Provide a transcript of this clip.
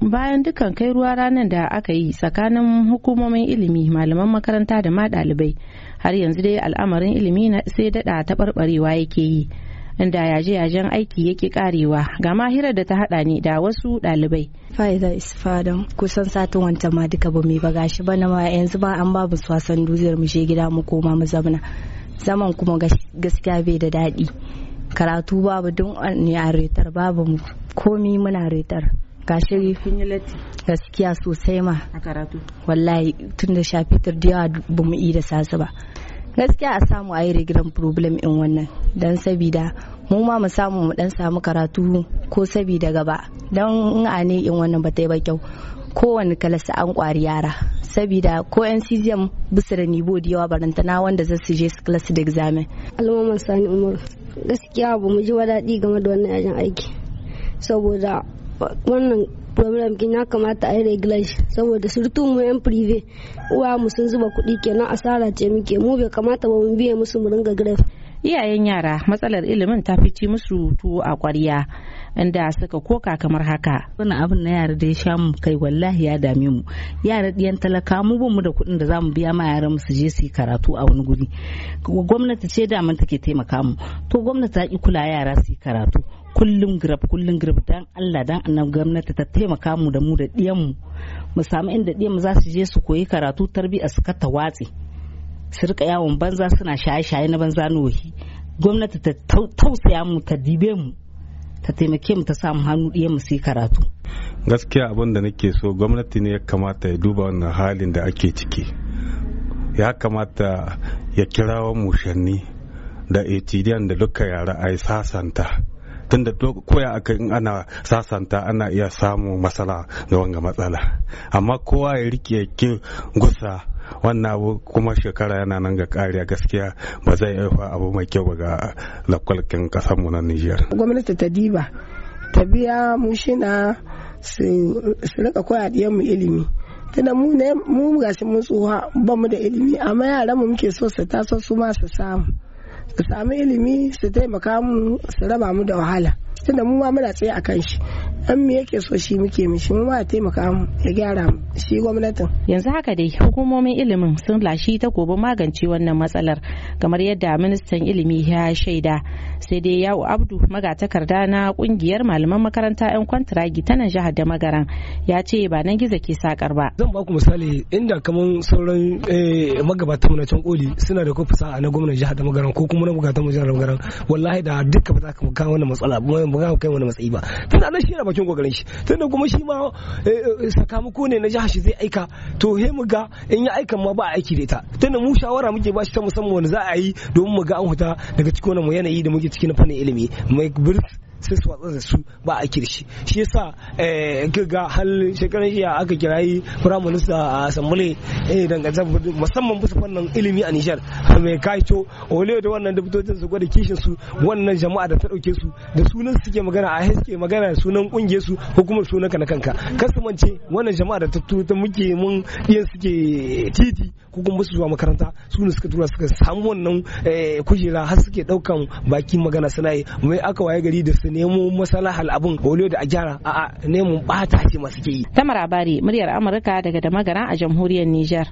bayan dukan kai ruwa ranar da aka yi tsakanin hukumomin ilimi malaman makaranta da ma ɗalibai har yanzu dai al'amarin ilimi na sai daɗa taɓarɓarewa yake yi inda yaje-yajen aiki yake karewa ga mahirar da ta haɗa ni da wasu dalibai. Faiza Isfadan kusan satin wancan ma duka ba mai ba gashi bana ma yanzu ba an babu su wasan duziyar mu je gida mu koma mu zamana. Zaman kuma gaskiya bai da daɗi. Karatu babu don ne a retar babu komi muna retar. gashi gaskiya sosai ma a karatu wallahi tun da shafitar da ba mu da sasu ba gaskiya a samu a yi regular problem in wannan don sabida mu ma mu samu mu dan samu karatu ko sabida gaba don in a ne in wannan ba ta yi ba kyau kowane kalasa an kwari yara sabida ko yan cgm bisa da nibo da yawa barantana wanda za su je su kalasa da examen alamomin sani umaru gaskiya ba mu ji wadadi game da wannan yajin aiki saboda wannan problem kin ya kamata a yi shi saboda surtu mu yan prive uwa mu sun zuba kuɗi kenan asara ce muke mu bai kamata ba mu biye musu mu ringa grave iyayen yara matsalar ilimin ta ci musu tuwo a ƙwarya inda suka koka kamar haka wani abin na yara da ya sha mu kai wallahi ya dame mu yara ɗiyan talaka mu ban mu da kuɗin da zamu biya ma yaran su je su yi karatu a wani guri gwamnati ce mun take taimaka mu to gwamnati ta ki kula yara su yi karatu kullum grab kullum grab dan Allah dan annab gwamnati ta taimaka mu da mu da diyanmu mu samu inda diyanmu za su je su koyi karatu tarbiya su ta watsi su rika yawon banza suna shaye-shaye na banza nohi gwamnati ta tausaya mu ta dibe mu ta taimake mu ta samu hannu diyanmu su yi karatu gaskiya abin da nake so gwamnati ne ya kamata ya duba wannan halin da ake ciki ya kamata ya kirawo mushanni da etidiyan da duka yara a sasanta tunda koya aka in ana sasanta ana iya samun matsala ga wanga matsala amma kowa ya rike ke gusa wannan abu kuma shekara yana nan ga kariya gaskiya ba zai haifa abu mai kyau ba ga lakwalkin kasanmu na Nijar. Gwamnati ta diba ta biya mu shina su rika koya mu ilimi. tunda mu ne mu gashi mun tsoha ba mu da ilimi amma yaran mu muke so su taso su ma su samu. su sami ilimi su taimaka mu su raba mu da wahala tunda mu ma muna tsaye a kan shi an me yake so shi muke mishi mu ma taimaka mu ya gyara mu shi gwamnatin yanzu haka dai hukumomin ilimin sun lashi ta gobe magance wannan matsalar kamar yadda ministan ilimi ya shaida sai dai yawo abdu magatakarda na kungiyar malaman makaranta yan kwantiragi ta nan jihar da magaran ya ce ba nan gizo ke sakar ba zan ba ku misali inda kamar sauran eh, magabatan na can koli suna da kofi sa'a na gwamnatin jihar da magaran ko kuma na magatan jihar da magaran wallahi da duka ba za ka kawo wannan matsala ba ba kai wannan matsayi ba tunda nan shi na cikin kokarin shi tunda kuma shi ma eh, eh, sakamako ne na jiha shi zai aika to he mu ga in ya aika ma ba a aiki da ita tunda mu shawara muke ba shi ta musamman wani za a yi domin mu ga an huta daga cikin wannan yanayi da muke cikin fannin ilimi mai birth sai su watsa da su ba a kirshi shi yasa eh, ga hal shekaran jiya aka yi prime minister a ah, eh dangantar musamman bisa fannin ilimi a Nijar mai kaito ole da wannan dubutocin su gwada kishin su wannan jama'a da ta dauke su da sunan suke magana a haske magana sunan kungiye su ko kuma sunan ka na kanka kasumance wannan jama'a da ta ta muke mun iyan suke titi ko kuma su zuwa makaranta su ne suka tura suka samu wannan eh, kujera har suke daukan baki magana suna yi mai aka waye gari da su nemo masalahal abun bolo da a gyara a'a neman bata ce masu ke yi. Tamar Abari muryar Amurka daga Damagara a jamhuriyar Nijar.